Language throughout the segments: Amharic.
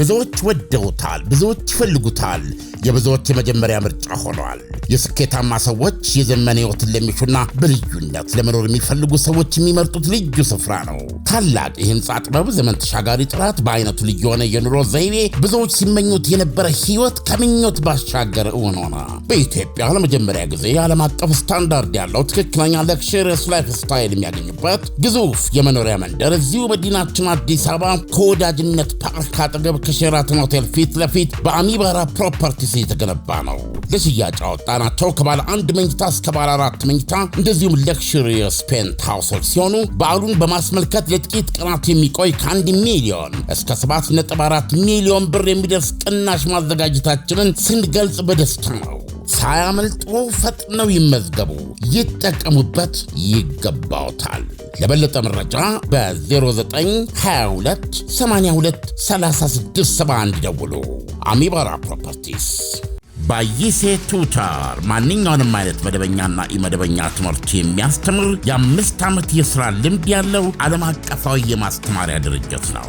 ብዙዎች ወደውታል፣ ብዙዎች ይፈልጉታል፣ የብዙዎች የመጀመሪያ ምርጫ ሆኗል። የስኬታማ ሰዎች የዘመን ህይወትን ለሚሹና በልዩነት ለመኖር የሚፈልጉ ሰዎች የሚመርጡት ልዩ ስፍራ ነው። ታላቅ የህንፃ ጥበብ፣ ዘመን ተሻጋሪ ጥራት፣ በአይነቱ ልዩ የሆነ የኑሮ ዘይቤ ብዙዎች ሲመኙት የነበረ ህይወት ከምኞት ባሻገር እውን ሆነ። በኢትዮጵያ ለመጀመሪያ ጊዜ የዓለም አቀፍ ስታንዳርድ ያለው ትክክለኛ ለክሽርስ ላይፍ ስታይል የሚያገኝበት ግዙፍ የመኖሪያ መንደር እዚሁ መዲናችን አዲስ አበባ ከወዳጅነት ፓርክ አጠገብ ከሼራተን ሆቴል ፊት ለፊት በአሚባራ ፕሮፐርቲስ የተገነባ ነው። ለሽያጭ ያወጣናቸው ከባለ አንድ መኝታ እስከ ባለ አራት መኝታ እንደዚሁም ለክሽሪየስ ፔንት ሃውሶች ሲሆኑ በዓሉን በማስመልከት ለጥቂት ቀናት የሚቆይ ከአንድ ሚሊዮን እስከ 7.4 ሚሊዮን ብር የሚደርስ ቅናሽ ማዘጋጀታችንን ስንገልጽ በደስታ ነው። ሳያመልጡ ፈጥነው ይመዝገቡ፣ ይጠቀሙበት፣ ይገባውታል። ለበለጠ መረጃ በ 0922823671 82 3671 ደውሉ። አሚባራ ፕሮፐርቲስ። ባይሴ ቱተር ማንኛውንም አይነት መደበኛና ኢመደበኛ ትምህርት የሚያስተምር የአምስት ዓመት የሥራ ልምድ ያለው ዓለም አቀፋዊ የማስተማሪያ ድርጅት ነው።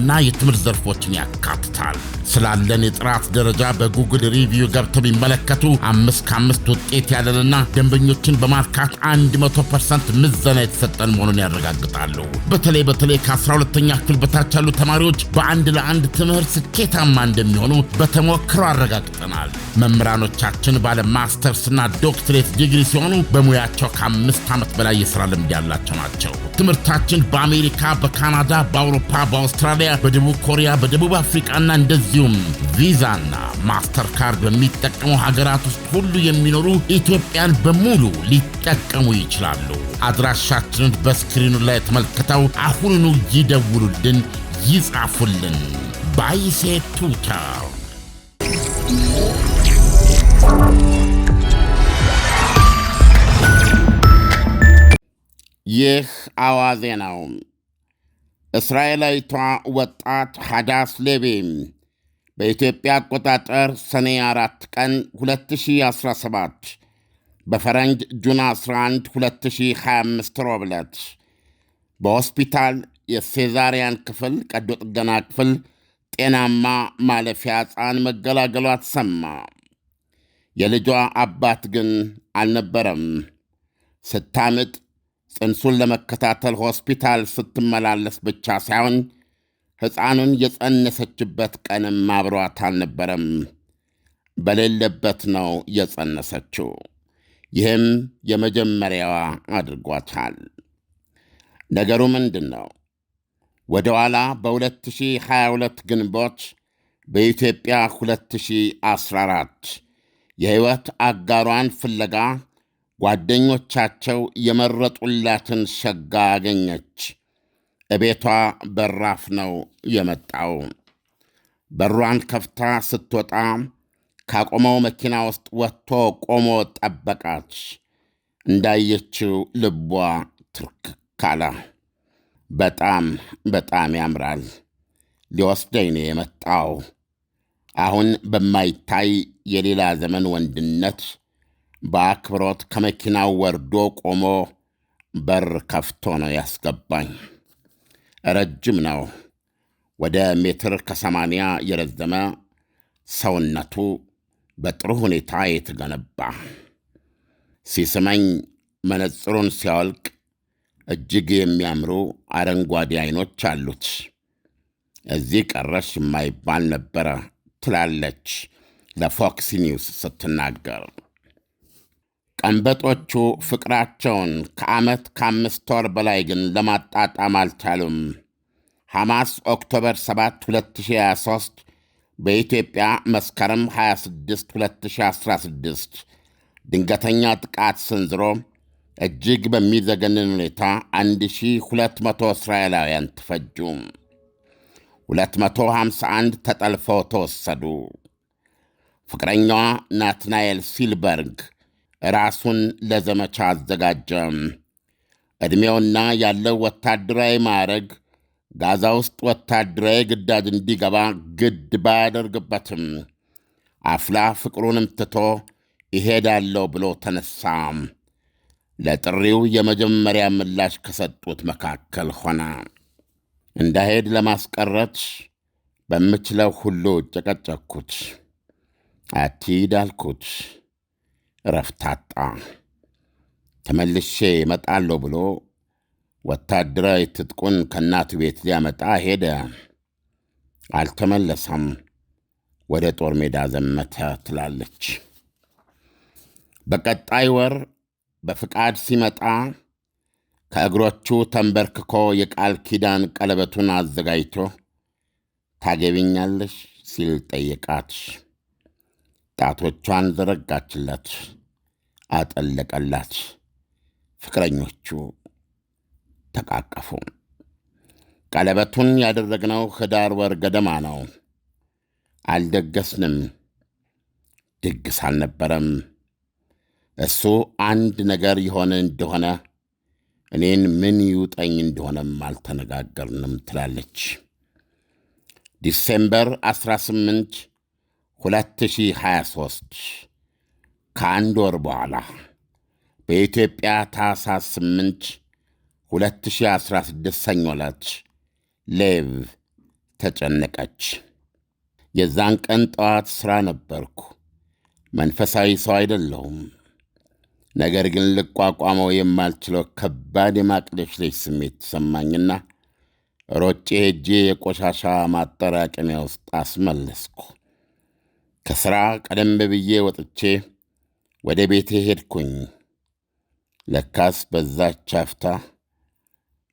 የጤናና የትምህርት ዘርፎችን ያካትታል። ስላለን የጥራት ደረጃ በጉግል ሪቪው ገብተው ቢመለከቱ አምስት ከአምስት ውጤት ያለንና ደንበኞችን በማርካት መቶ ፐርሰንት ምዘና የተሰጠን መሆኑን ያረጋግጣሉ። በተለይ በተለይ ከ ሁለተኛ ክፍል በታች ያሉ ተማሪዎች በአንድ ለአንድ ትምህርት ስኬታማ እንደሚሆኑ በተሞክሮ አረጋግጠናል። መምህራኖቻችን ባለ ማስተርስና ዶክትሬት ዲግሪ ሲሆኑ በሙያቸው ከአምስት ዓመት በላይ የሥራ ልምድ ያላቸው ናቸው። ትምህርታችን በአሜሪካ፣ በካናዳ፣ በአውሮፓ፣ በአውስትራሊያ፣ በደቡብ ኮሪያ፣ በደቡብ አፍሪቃና እንደዚሁ እንዲሁም ቪዛና ማስተርካርድ በሚጠቀሙ ሀገራት ውስጥ ሁሉ የሚኖሩ ኢትዮጵያን በሙሉ ሊጠቀሙ ይችላሉ። አድራሻችንን በስክሪኑ ላይ ተመልክተው አሁኑኑ ይደውሉልን፣ ይጻፉልን። ባይሴ ቱተር ይህ አዋዜ ነው። እስራኤላዊቷ ወጣት ሀዳስ ሌቤ በኢትዮጵያ አቆጣጠር ሰኔ 4 ቀን 2017 በፈረንጅ ጁን 11 2025 ሮብለት በሆስፒታል የሴዛሪያን ክፍል ቀዶ ጥገና ክፍል ጤናማ ማለፊያ ሕፃን መገላገሏ ተሰማ። የልጇ አባት ግን አልነበረም። ስታምጥ ጽንሱን ለመከታተል ሆስፒታል ስትመላለስ ብቻ ሳይሆን ሕፃኑን የጸነሰችበት ቀንም አብሯት አልነበረም፣ በሌለበት ነው የጸነሰችው። ይህም የመጀመሪያዋ አድርጓታል። ነገሩ ምንድን ነው? ወደ ኋላ በ2022 ግንቦት በኢትዮጵያ 2014 የሕይወት አጋሯን ፍለጋ ጓደኞቻቸው የመረጡላትን ሸጋ አገኘች። እቤቷ በራፍ ነው የመጣው። በሯን ከፍታ ስትወጣ ካቆመው መኪና ውስጥ ወጥቶ ቆሞ ጠበቃች። እንዳየችው ልቧ ትርክክ በጣም በጣም ያምራል። ሊወስደኝ ነው የመጣው። አሁን በማይታይ የሌላ ዘመን ወንድነት በአክብሮት ከመኪናው ወርዶ ቆሞ በር ከፍቶ ነው ያስገባኝ። ረጅም ነው። ወደ ሜትር ከሰማንያ የረዘመ ሰውነቱ በጥሩ ሁኔታ የተገነባ ሲስመኝ መነጽሩን ሲያወልቅ እጅግ የሚያምሩ አረንጓዴ አይኖች አሉት። እዚህ ቀረሽ የማይባል ነበረ ትላለች ለፎክስ ኒውስ ስትናገር ቀንበጦቹ ፍቅራቸውን ከዓመት ከአምስት ወር በላይ ግን ለማጣጣም አልቻሉም። ሐማስ ኦክቶበር 7 2023 በኢትዮጵያ መስከረም 26 2016 ድንገተኛ ጥቃት ሰንዝሮ እጅግ በሚዘገንን ሁኔታ 1200 እስራኤላውያን ተፈጁ። 251 ተጠልፈው ተወሰዱ። ፍቅረኛዋ ናትናኤል ሲልበርግ ራሱን ለዘመቻ አዘጋጀ። ዕድሜውና ያለው ወታደራዊ ማዕረግ ጋዛ ውስጥ ወታደራዊ ግዳጅ እንዲገባ ግድ ባያደርግበትም አፍላ ፍቅሩንም ትቶ ይሄዳለሁ ብሎ ተነሳ። ለጥሪው የመጀመሪያ ምላሽ ከሰጡት መካከል ሆነ። እንዳሄድ ለማስቀረት በምችለው ሁሉ ጨቀጨኩት። አቲድ አልኩት። ረፍታጣ። ተመልሼ እመጣለሁ ብሎ ወታደራዊ ትጥቁን ከእናቱ ቤት ሊያመጣ ሄደ። አልተመለሰም። ወደ ጦር ሜዳ ዘመተ ትላለች። በቀጣይ ወር በፍቃድ ሲመጣ ከእግሮቹ ተንበርክኮ የቃል ኪዳን ቀለበቱን አዘጋጅቶ ታገቢኛለሽ ሲል ጠየቃትሽ። ጣቶቿን ዘረጋችለት፣ አጠለቀላት። ፍቅረኞቹ ተቃቀፉ። ቀለበቱን ያደረግነው ህዳር ወር ገደማ ነው። አልደገስንም፣ ድግስ አልነበረም። እሱ አንድ ነገር የሆነ እንደሆነ እኔን ምን ይውጠኝ እንደሆነም አልተነጋገርንም ትላለች ዲሴምበር 18 2023 ከአንድ ወር በኋላ በኢትዮጵያ ታሳ 8 2016 ሰኞ ዕለት ሌቭ ተጨነቀች። የዛን ቀን ጠዋት ሥራ ነበርኩ። መንፈሳዊ ሰው አይደለሁም። ነገር ግን ልቋቋመው የማልችለው ከባድ የማቅለሽለሽ ስሜት ተሰማኝና ሮጬ ሄጄ የቆሻሻ ማጠራቀሚያ ውስጥ አስመለስኩ። ከሥራ ቀደም ብዬ ወጥቼ ወደ ቤቴ ሄድኩኝ። ለካስ በዛች አፍታ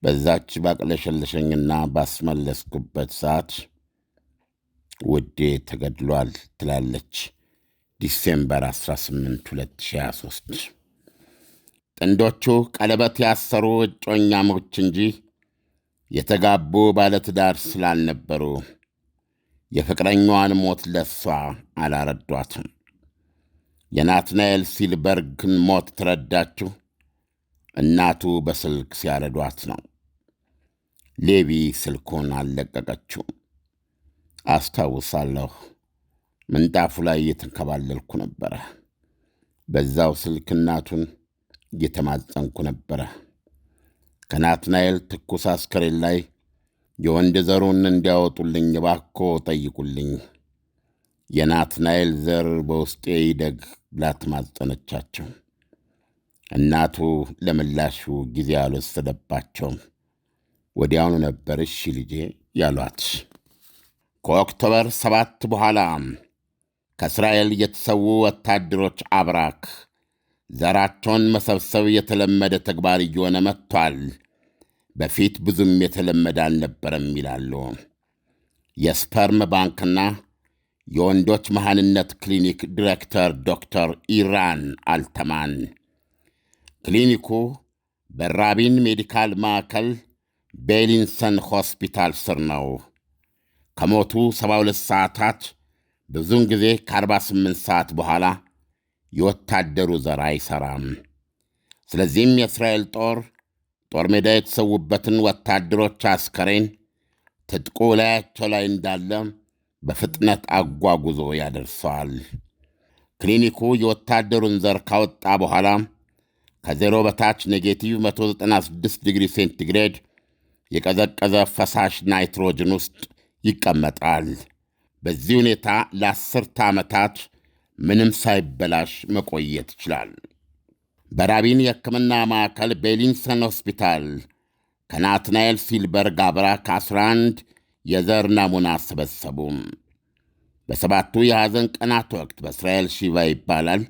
በዛች ባቅለሸለሸኝና ባስመለስኩበት ሰዓት ውዴ ተገድሏል ትላለች ዲሴምበር 18 2023። ጥንዶቹ ቀለበት ያሰሩ እጮኛሞች እንጂ የተጋቡ ባለትዳር ስላልነበሩ የፍቅረኛዋን ሞት ለሷ አላረዷትም። የናትናኤል ሲልበርግን ሞት ትረዳችሁ እናቱ በስልክ ሲያረዷት ነው። ሌቪ ስልኩን አልለቀቀችው። አስታውሳለሁ፣ ምንጣፉ ላይ እየተንከባለልኩ ነበረ። በዛው ስልክ እናቱን እየተማጸንኩ ነበረ። ከናትናኤል ትኩስ አስከሬን ላይ የወንድ ዘሩን እንዲያወጡልኝ እባኮ ጠይቁልኝ። የናትናኤል ዘር በውስጤ ይደግ ብላ ተማጸነቻቸው። እናቱ ለምላሹ ጊዜ አልወሰደባቸውም። ወዲያውኑ ነበር እሺ ልጄ ያሏት። ከኦክቶበር ሰባት በኋላ ከእስራኤል የተሰዉ ወታደሮች አብራክ ዘራቸውን መሰብሰብ የተለመደ ተግባር እየሆነ መጥቷል በፊት ብዙም የተለመደ አልነበረም ይላሉ። የስፐርም ባንክና የወንዶች መሐንነት ክሊኒክ ዲሬክተር ዶክተር ኢራን አልተማን ክሊኒኩ በራቢን ሜዲካል ማዕከል ቤሊንሰን ሆስፒታል ስር ነው። ከሞቱ 72 ሰዓታት ብዙውን ጊዜ ከ48 ሰዓት በኋላ የወታደሩ ዘር አይሠራም። ስለዚህም የእስራኤል ጦር ጦር ሜዳ የተሰዉበትን ወታደሮች አስከሬን ትጥቁ ላያቸው ላይ እንዳለ በፍጥነት አጓጉዞ ያደርሰዋል። ክሊኒኩ የወታደሩን ዘር ካወጣ በኋላ ከዜሮ በታች ኔጌቲቭ 196 ዲግሪ ሴንቲግሬድ የቀዘቀዘ ፈሳሽ ናይትሮጅን ውስጥ ይቀመጣል። በዚህ ሁኔታ ለአስርተ ዓመታት ምንም ሳይበላሽ መቆየት ይችላል። በራቢን የሕክምና ማዕከል ቤሊንሰን ሆስፒታል ከናትናኤል ሲልበርግ አብራ ከ11 የዘር ናሙና አሰበሰቡ። በሰባቱ የሐዘን ቀናት ወቅት በእስራኤል ሺቫ ይባላል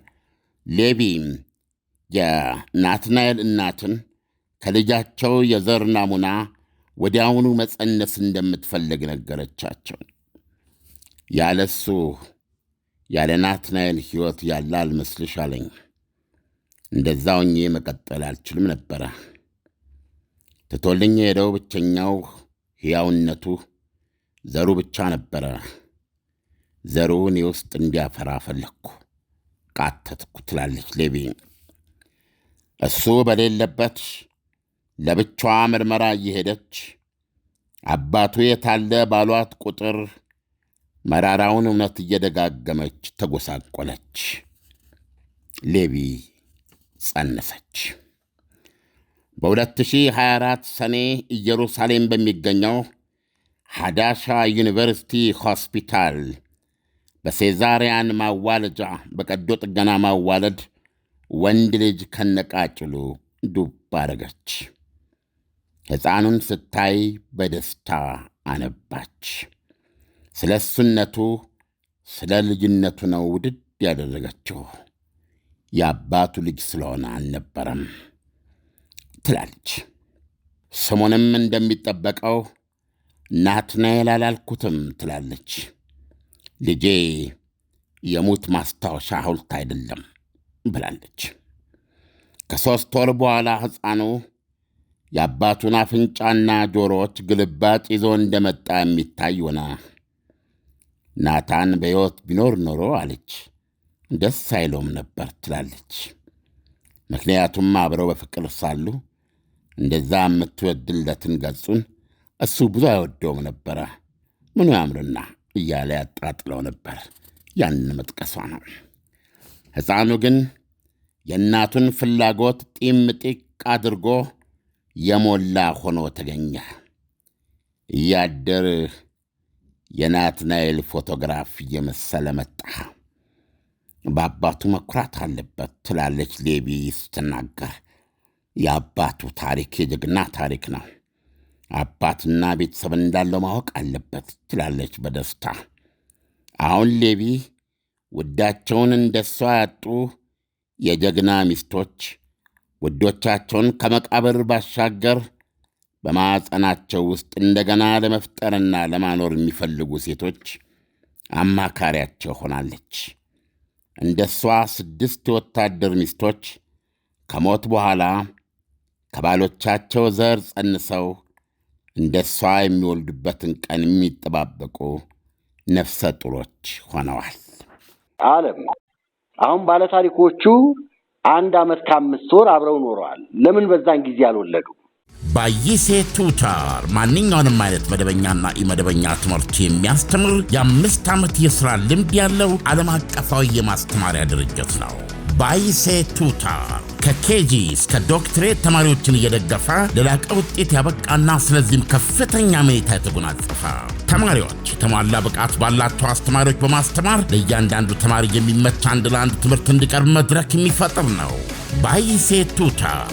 ሌቪ የናትናኤል እናትን ከልጃቸው የዘር ናሙና ወዲያውኑ መጸነስ እንደምትፈልግ ነገረቻቸው። ያለሱ ያለ ናትናኤል ሕይወት ያለ አልመስልሽ አለኝ። እንደዛው መቀጠል አልችልም ነበረ። ትቶልኝ ሄደው ብቸኛው ሕያውነቱ ዘሩ ብቻ ነበረ። ዘሩን ውስጥ እንዲያፈራ ፈለግኩ፣ ቃተትኩ ትላለች ሌቪ። እሱ በሌለበት ለብቻዋ ምርመራ እየሄደች አባቱ የታለ ባሏት ቁጥር መራራውን እውነት እየደጋገመች ተጎሳቆለች ሌቪ ጸነሰች። በ2024 ሰኔ ኢየሩሳሌም በሚገኘው ሐዳሻ ዩኒቨርሲቲ ሆስፒታል በሴዛሪያን ማዋለጃ በቀዶ ጥገና ማዋለድ ወንድ ልጅ ከነቃጭሉ ዱብ አረገች። ሕፃኑን ስታይ በደስታ አነባች። ስለ እሱነቱ ስለ ልጅነቱ ነው ውድድ ያደረገችው። የአባቱ ልጅ ስለሆነ አልነበረም ትላለች። ስሙንም እንደሚጠበቀው ናትናኤል አላልኩትም ትላለች። ልጄ የሙት ማስታወሻ ሐውልት አይደለም ብላለች። ከሦስት ወር በኋላ ሕፃኑ የአባቱን አፍንጫና ጆሮዎች ግልባጭ ይዞ እንደመጣ የሚታይ ሆነ። ናታን በሕይወት ቢኖር ኖሮ አለች ደስ አይለውም ነበር ትላለች። ምክንያቱም አብረው በፍቅር ሳሉ እንደዛ የምትወድለትን ገጹን እሱ ብዙ አይወደውም ነበረ። ምኑ ያምርና እያለ ያጣጥለው ነበር። ያንን መጥቀሷ ነው። ሕፃኑ ግን የእናቱን ፍላጎት ጢም ጢቅ አድርጎ የሞላ ሆኖ ተገኘ። እያደር የናትናኤል ፎቶግራፍ እየመሰለ መጣ። በአባቱ መኩራት አለበት ትላለች ሌቪ ስትናገር። የአባቱ ታሪክ የጀግና ታሪክ ነው። አባትና ቤተሰብ እንዳለው ማወቅ አለበት ትላለች በደስታ። አሁን ሌቪ ውዳቸውን እንደሷ ያጡ የጀግና ሚስቶች ውዶቻቸውን ከመቃብር ባሻገር በማዕፀናቸው ውስጥ እንደገና ለመፍጠርና ለማኖር የሚፈልጉ ሴቶች አማካሪያቸው ሆናለች። እንደ እሷ ስድስት የወታደር ሚስቶች ከሞት በኋላ ከባሎቻቸው ዘር ጸንሰው እንደ እሷ የሚወልዱበትን ቀን የሚጠባበቁ ነፍሰ ጡሮች ሆነዋል። አለም አሁን ባለታሪኮቹ አንድ ዓመት ከአምስት ወር አብረው ኖረዋል። ለምን በዛን ጊዜ አልወለዱ? ባይሴ ቱተር ማንኛውንም አይነት መደበኛና ኢመደበኛ ትምህርት የሚያስተምር የአምስት ዓመት የሥራ ልምድ ያለው ዓለም አቀፋዊ የማስተማሪያ ድርጅት ነው። ባይሴ ቱተር ከኬጂ እስከ ዶክትሬት ተማሪዎችን እየደገፈ ለላቀ ውጤት ያበቃና ስለዚህም ከፍተኛ መኔታ የተጎናጸፈ ተማሪዎች የተሟላ ብቃት ባላቸው አስተማሪዎች በማስተማር ለእያንዳንዱ ተማሪ የሚመች አንድ ለአንድ ትምህርት እንዲቀርብ መድረክ የሚፈጥር ነው። ባይሴ ቱተር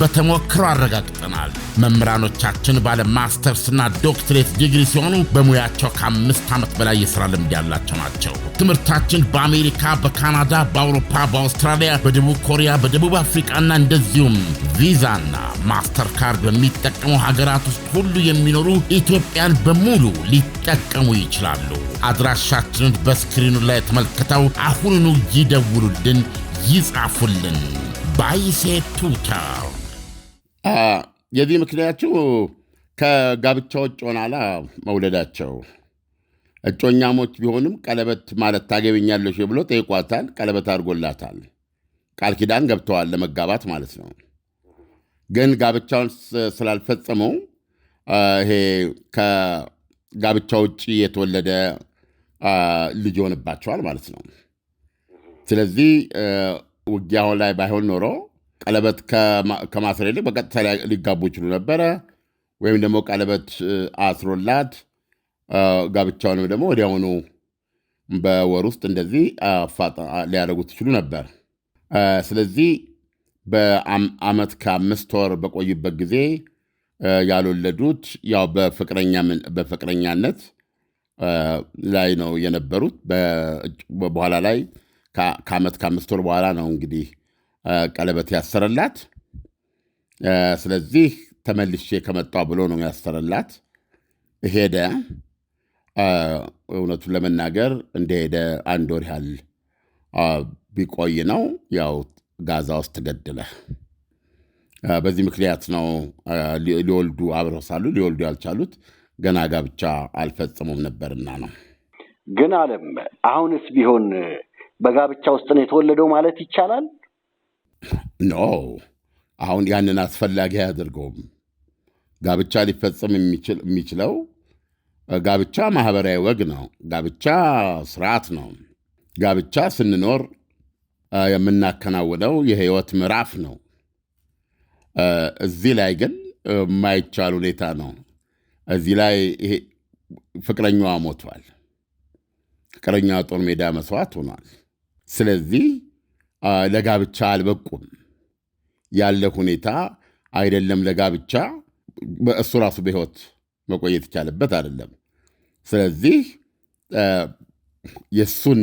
በተሞክሮ አረጋግጠናል። መምህራኖቻችን ባለ ማስተርስና ዶክትሬት ዲግሪ ሲሆኑ በሙያቸው ከአምስት ዓመት በላይ የሥራ ልምድ ያላቸው ናቸው። ትምህርታችን በአሜሪካ፣ በካናዳ፣ በአውሮፓ፣ በአውስትራሊያ፣ በደቡብ ኮሪያ፣ በደቡብ አፍሪካና እንደዚሁም ቪዛና ካርድ በሚጠቀሙ ሀገራት ውስጥ ሁሉ የሚኖሩ ኢትዮጵያን በሙሉ ሊጠቀሙ ይችላሉ። አድራሻችንን በስክሪኑ ላይ ተመልክተው አሁኑኑ ይደውሉልን፣ ይጻፉልን። ባይሴ ቱተር የዚህ ምክንያቱ ከጋብቻ ውጭ ሆናላ መውለዳቸው እጮኛሞች ቢሆንም ቀለበት ማለት ታገቢኛለሽ ብሎ ጠይቋታል። ቀለበት አድርጎላታል። ቃል ኪዳን ገብተዋል ለመጋባት ማለት ነው። ግን ጋብቻውን ስላልፈጸመው ይሄ ከጋብቻ ውጭ የተወለደ ልጅ ይሆንባቸዋል ማለት ነው። ስለዚህ ውጊያው ላይ ባይሆን ኖሮ ቀለበት ከማሰር ይልቅ በቀጥታ ሊጋቡ ይችሉ ነበረ። ወይም ደግሞ ቀለበት አስሮላት ጋብቻውንም ደግሞ ወዲያውኑ በወር ውስጥ እንደዚህ ሊያደርጉት ይችሉ ነበር። ስለዚህ በአመት ከአምስት ወር በቆዩበት ጊዜ ያልወለዱት ያው በፍቅረኛነት ላይ ነው የነበሩት። በኋላ ላይ ከአመት ከአምስት ወር በኋላ ነው እንግዲህ ቀለበት ያሰረላት። ስለዚህ ተመልሼ ከመጣ ብሎ ነው ያሰረላት። ሄደ። እውነቱን ለመናገር እንደሄደ አንድ ወር ያህል ቢቆይ ነው ያው ጋዛ ውስጥ ተገደለ። በዚህ ምክንያት ነው ሊወልዱ አብረው ሳሉ ሊወልዱ ያልቻሉት ገና ጋብቻ አልፈጸሙም ነበርና ነው። ግን አለም አሁንስ ቢሆን በጋብቻ ውስጥ ነው የተወለደው ማለት ይቻላል። ኖ አሁን ያንን አስፈላጊ አያደርገውም። ጋብቻ ሊፈጸም የሚችለው ጋብቻ ማህበራዊ ወግ ነው። ጋብቻ ስርዓት ነው። ጋብቻ ስንኖር የምናከናውነው የህይወት ምዕራፍ ነው። እዚህ ላይ ግን የማይቻል ሁኔታ ነው። እዚህ ላይ ፍቅረኛዋ ሞቷል። ፍቅረኛዋ ጦር ሜዳ መስዋዕት ሆኗል። ስለዚህ ለጋብቻ አልበቁም ያለ ሁኔታ አይደለም። ለጋብቻ እሱ ራሱ በህይወት መቆየት ይቻልበት አይደለም። ስለዚህ የእሱን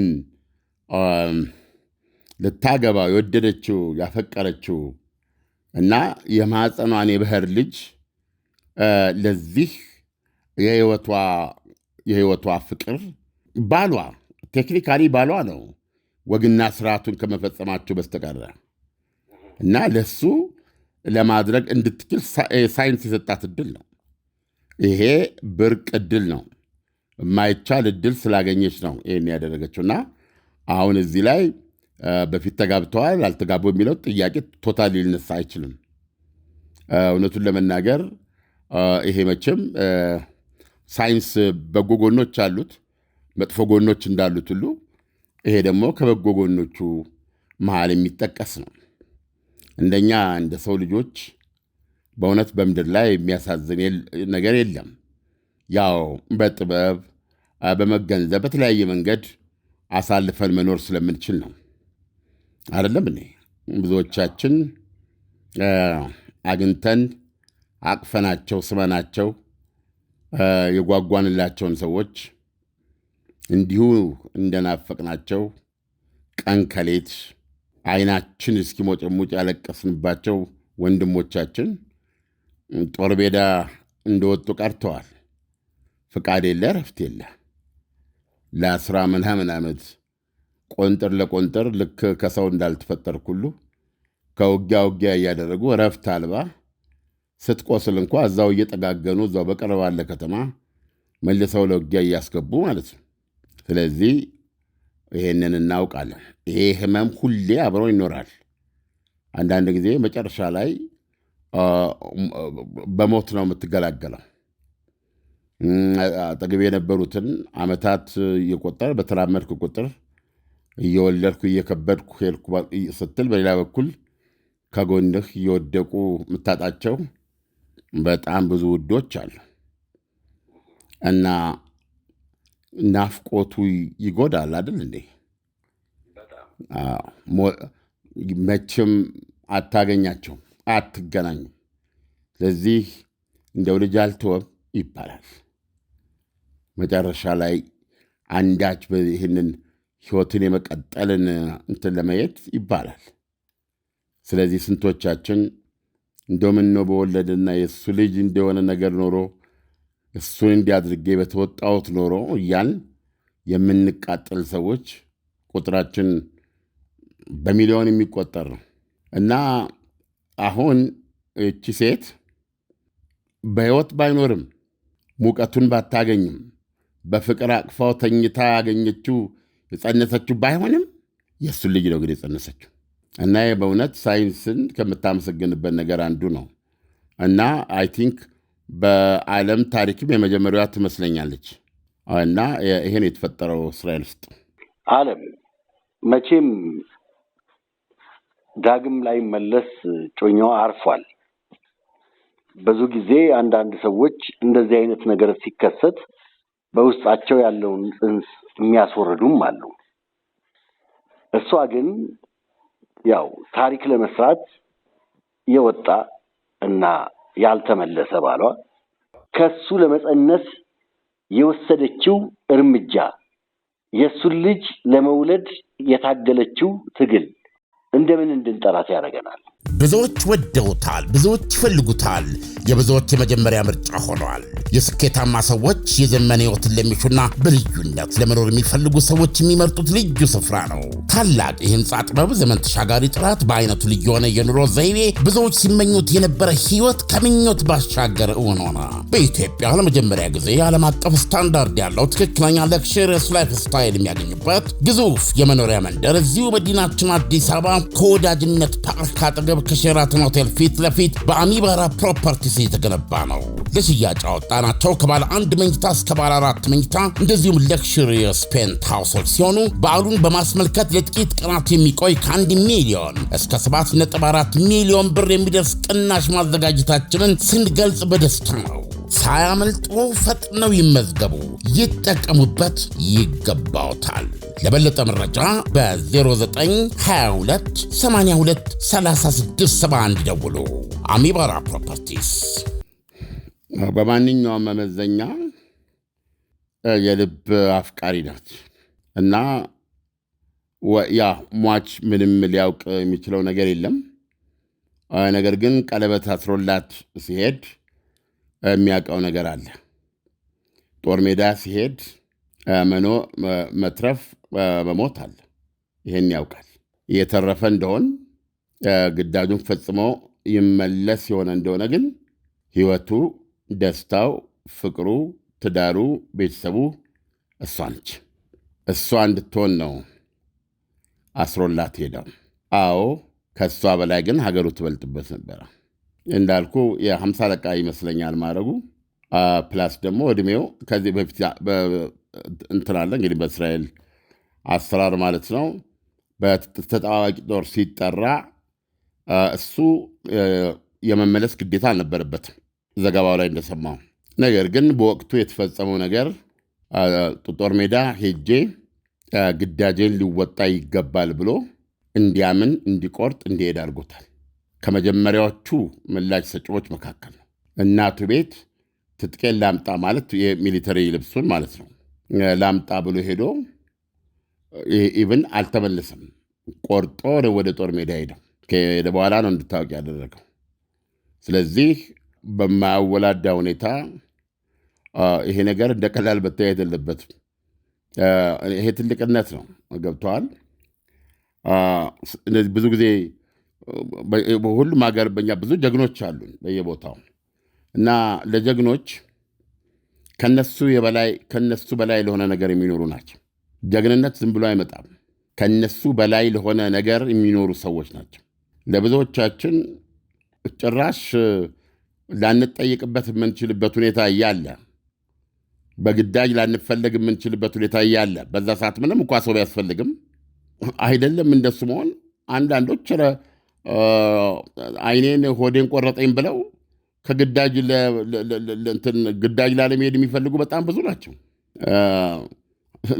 ልታገባው የወደደችው ያፈቀረችው እና የማፀኗን የባህር ልጅ ለዚህ የህይወቷ ፍቅር ባሏ ቴክኒካሊ ባሏ ነው ወግና ስርዓቱን ከመፈጸማቸው በስተቀረ እና ለሱ ለማድረግ እንድትችል ሳይንስ የሰጣት እድል ነው። ይሄ ብርቅ እድል ነው። የማይቻል እድል ስላገኘች ነው ይህን ያደረገችው። እና አሁን እዚህ ላይ በፊት ተጋብተዋል አልተጋቡ የሚለው ጥያቄ ቶታል ሊነሳ አይችልም። እውነቱን ለመናገር ይሄ መቼም ሳይንስ በጎ ጎኖች አሉት መጥፎ ጎኖች እንዳሉት ሁሉ ይሄ ደግሞ ከበጎ ጎኖቹ መሃል የሚጠቀስ ነው። እንደኛ እንደ ሰው ልጆች በእውነት በምድር ላይ የሚያሳዝን ነገር የለም። ያው በጥበብ በመገንዘብ በተለያየ መንገድ አሳልፈን መኖር ስለምንችል ነው። አይደለም እኔ ብዙዎቻችን አግኝተን አቅፈናቸው ስመናቸው የጓጓንላቸውን ሰዎች እንዲሁ እንደናፈቅናቸው ቀን ከሌት አይናችን እስኪሞጨሙጭ ያለቀስንባቸው ወንድሞቻችን ጦር ቤዳ እንደወጡ ቀርተዋል። ፍቃድ የለ፣ እረፍት የለ። ለአስራ ምናምን ዓመት ቆንጥር ለቆንጥር ልክ ከሰው እንዳልተፈጠርኩ ሁሉ ከውጊያ ውጊያ እያደረጉ እረፍት አልባ ስትቆስል እንኳ እዛው እየጠጋገኑ እዛው በቀረባለ ከተማ መልሰው ለውጊያ እያስገቡ ማለት ነው። ስለዚህ ይሄንን እናውቃለን። ይሄ ህመም ሁሌ አብሮ ይኖራል። አንዳንድ ጊዜ መጨረሻ ላይ በሞት ነው የምትገላገለው። አጠገብ የነበሩትን አመታት እየቆጠር በተራመድኩ ቁጥር እየወለድኩ እየከበድኩ ሄድኩ ስትል፣ በሌላ በኩል ከጎንህ እየወደቁ የምታጣቸው በጣም ብዙ ውዶች አሉ እና ናፍቆቱ ይጎዳል አይደል እንዴ? መቼም አታገኛቸውም፣ አትገናኙም። ስለዚህ እንደው ልጅ አልተወም ይባላል። መጨረሻ ላይ አንዳች ይህንን ህይወትን የመቀጠልን እንትን ለማየት ይባላል። ስለዚህ ስንቶቻችን ነው በወለድና የእሱ ልጅ እንደሆነ ነገር ኖሮ እሱን እንዲያድርጌ በተወጣሁት ኖሮ እያል የምንቃጠል ሰዎች ቁጥራችን በሚሊዮን የሚቆጠር ነው እና አሁን እቺ ሴት በሕይወት ባይኖርም ሙቀቱን ባታገኝም በፍቅር አቅፋው ተኝታ ያገኘችው የጸነሰችው ባይሆንም የእሱን ልጅ ነው ግን የጸነሰችው እና በእውነት ሳይንስን ከምታመሰግንበት ነገር አንዱ ነው እና አይ ቲንክ በዓለም ታሪክም የመጀመሪያዋ ትመስለኛለች እና ይሄን የተፈጠረው እስራኤል ውስጥ። ዓለም መቼም ዳግም ላይ መለስ ጮኛዋ አርፏል። ብዙ ጊዜ አንዳንድ ሰዎች እንደዚህ አይነት ነገር ሲከሰት በውስጣቸው ያለውን ጽንስ የሚያስወርዱም አሉ። እሷ ግን ያው ታሪክ ለመስራት የወጣ እና ያልተመለሰ ባሏ ከሱ ለመጸነስ የወሰደችው እርምጃ የእሱን ልጅ ለመውለድ የታገለችው ትግል እንደምን እንድንጠራት ያደርገናል። ብዙዎች ወደውታል፣ ብዙዎች ይፈልጉታል፣ የብዙዎች የመጀመሪያ ምርጫ ሆኗል። የስኬታማ ሰዎች የዘመን ህይወትን ለሚሹና በልዩነት ለመኖር የሚፈልጉ ሰዎች የሚመርጡት ልዩ ስፍራ ነው። ታላቅ የህንፃ ጥበብ፣ ዘመን ተሻጋሪ ጥራት፣ በአይነቱ ልዩ የሆነ የኑሮ ዘይቤ፣ ብዙዎች ሲመኙት የነበረ ህይወት ከምኞት ባሻገር እውን ሆነ። በኢትዮጵያ ለመጀመሪያ ጊዜ ዓለም አቀፍ ስታንዳርድ ያለው ትክክለኛ ለክሽርስ ላይፍ ስታይል የሚያገኙበት ግዙፍ የመኖሪያ መንደር እዚሁ መዲናችን አዲስ አበባ ከወዳጅነት ፓርክ አጠገብ አጠገብ ከሼራተን ሆቴል ፊት ለፊት በአሚባራ ፕሮፐርቲስ የተገነባ ነው። ለሽያጭ ናቸው ከባለ አንድ መኝታ እስከ ባለ አራት መኝታ እንደዚሁም ለክሽሪየስ ፔንት ሃውሶች ሲሆኑ በዓሉን በማስመልከት ለጥቂት ቀናት የሚቆይ ከአንድ ሚሊዮን እስከ 7.4 ሚሊዮን ብር የሚደርስ ቅናሽ ማዘጋጀታችንን ስንገልጽ በደስታ ነው። ሳያመልጦ ፈጥነው ይመዝገቡ፣ ይጠቀሙበት፣ ይገባውታል። ለበለጠ መረጃ በ0922 82 3671 ደውሉ። አሚባራ ፕሮፐርቲስ በማንኛውም መመዘኛ የልብ አፍቃሪ ናት እና ያ ሟች ምንም ሊያውቅ የሚችለው ነገር የለም። ነገር ግን ቀለበት አስሮላት ሲሄድ የሚያውቀው ነገር አለ። ጦር ሜዳ ሲሄድ መኖ መትረፍ፣ መሞት አለ። ይህን ያውቃል። እየተረፈ እንደሆን ግዳጁን ፈጽሞ ይመለስ የሆነ እንደሆነ ግን ህይወቱ፣ ደስታው፣ ፍቅሩ፣ ትዳሩ፣ ቤተሰቡ እሷ ነች። እሷ እንድትሆን ነው አስሮላት ሄደው። አዎ ከእሷ በላይ ግን ሀገሩ ትበልጥበት ነበረ። እንዳልኩ የሀምሳ አለቃ ይመስለኛል ማድረጉ ፕላስ ደግሞ እድሜው ከዚህ በፊት እንትን እንግዲህ በእስራኤል አሰራር ማለት ነው። በተጠባባቂ ጦር ሲጠራ እሱ የመመለስ ግዴታ አልነበረበትም ዘገባው ላይ እንደሰማው። ነገር ግን በወቅቱ የተፈጸመው ነገር ጦር ሜዳ ሄጄ ግዳጄን ሊወጣ ይገባል ብሎ እንዲያምን፣ እንዲቆርጥ፣ እንዲሄድ አድርጎታል። ከመጀመሪያዎቹ ምላሽ ሰጪዎች መካከል ነው። እናቱ ቤት ትጥቄን ላምጣ ማለት የሚሊተሪ ልብሱን ማለት ነው። ላምጣ ብሎ ሄዶ ኢቭን አልተመለሰም። ቆርጦ ወደ ጦር ሜዳ ሄደ ከሄደ በኋላ ነው እንድታወቅ ያደረገው። ስለዚህ በማያወላዳ ሁኔታ ይሄ ነገር እንደ ቀላል መታየት የለበትም። ይሄ ትልቅነት ነው። ገብተዋል። ብዙ ጊዜ ሁሉም ሀገር በኛ ብዙ ጀግኖች አሉን በየቦታው እና ለጀግኖች ከነሱ የበላይ ከነሱ በላይ ለሆነ ነገር የሚኖሩ ናቸው። ጀግንነት ዝም ብሎ አይመጣም። ከነሱ በላይ ለሆነ ነገር የሚኖሩ ሰዎች ናቸው። ለብዙዎቻችን ጭራሽ ላንጠይቅበት የምንችልበት ሁኔታ እያለ በግዳጅ ላንፈለግ የምንችልበት ሁኔታ እያለ በዛ ሰዓት ምንም እንኳ ሰው ቢያስፈልግም አይደለም እንደሱ መሆን አንዳንዶች አይኔን ሆዴን ቆረጠኝ ብለው ከግዳጅ ግዳጅ ላለመሄድ የሚፈልጉ በጣም ብዙ ናቸው።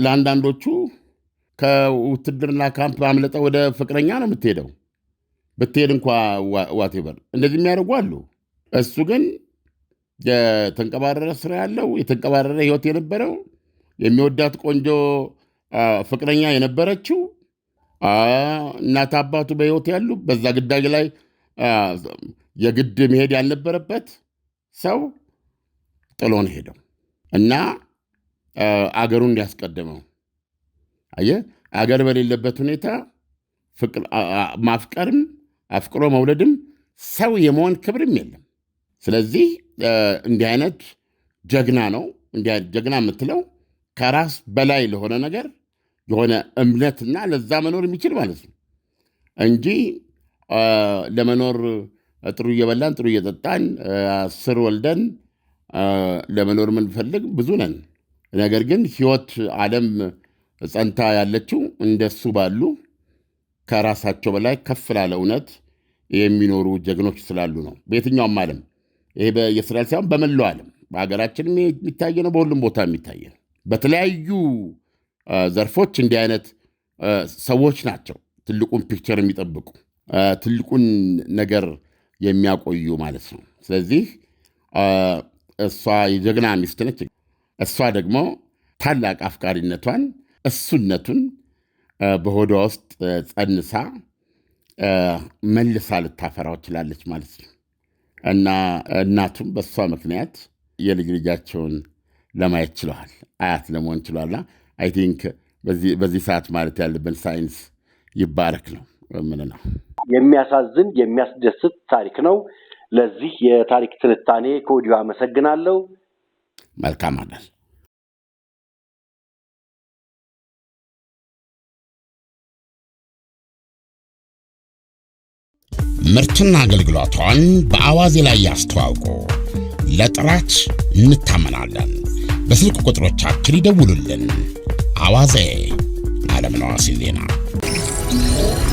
ለአንዳንዶቹ ከውትድርና ካምፕ አምለጠ ወደ ፍቅረኛ ነው የምትሄደው ብትሄድ እንኳ ዋቴቨር እንደዚህ የሚያደርጉ አሉ። እሱ ግን የተንቀባረረ ስራ ያለው የተንቀባረረ ህይወት የነበረው የሚወዳት ቆንጆ ፍቅረኛ የነበረችው እናት አባቱ በሕይወት ያሉ በዛ ግዳጅ ላይ የግድ መሄድ ያልነበረበት ሰው ጥሎን ሄደው እና አገሩን እንዲያስቀድመው አየ አገር በሌለበት ሁኔታ ማፍቀርም አፍቅሮ መውለድም ሰው የመሆን ክብርም የለም። ስለዚህ እንዲህ አይነት ጀግና ነው። ጀግና የምትለው ከራስ በላይ ለሆነ ነገር የሆነ እምነትና ለዛ መኖር የሚችል ማለት ነው እንጂ ለመኖር ጥሩ እየበላን ጥሩ እየጠጣን አስር ወልደን ለመኖር የምንፈልግ ብዙ ነን። ነገር ግን ህይወት ዓለም ጸንታ ያለችው እንደሱ ባሉ ከራሳቸው በላይ ከፍ ላለ እውነት የሚኖሩ ጀግኖች ስላሉ ነው። በየትኛውም ዓለም ይሄ የእስራኤል ሳይሆን በመላው ዓለም በሀገራችን የሚታየ ነው። በሁሉም ቦታ የሚታየ ነው። በተለያዩ ዘርፎች እንዲህ አይነት ሰዎች ናቸው ትልቁን ፒክቸር የሚጠብቁ ትልቁን ነገር የሚያቆዩ ማለት ነው። ስለዚህ እሷ የጀግና ሚስት ነች። እሷ ደግሞ ታላቅ አፍቃሪነቷን እሱነቱን በሆዷ ውስጥ ጸንሳ መልሳ ልታፈራው ችላለች ማለት ነው እና እናቱም በእሷ ምክንያት የልጅ ልጃቸውን ለማየት ችለዋል። አያት ለመሆን ችሏላ። አይ ቲንክ በዚህ ሰዓት ማለት ያለብን ሳይንስ ይባረክ ነው ምን ነው። የሚያሳዝን የሚያስደስት ታሪክ ነው። ለዚህ የታሪክ ትንታኔ ከወዲሁ አመሰግናለሁ። መልካም አዳር። ምርትና አገልግሎቷን በአዋዜ ላይ ያስተዋውቁ። ለጥራች እንታመናለን። በስልክ ቁጥሮቻችን ይደውሉልን። አዋዜ ዓለምነህ ዋሴ ዜና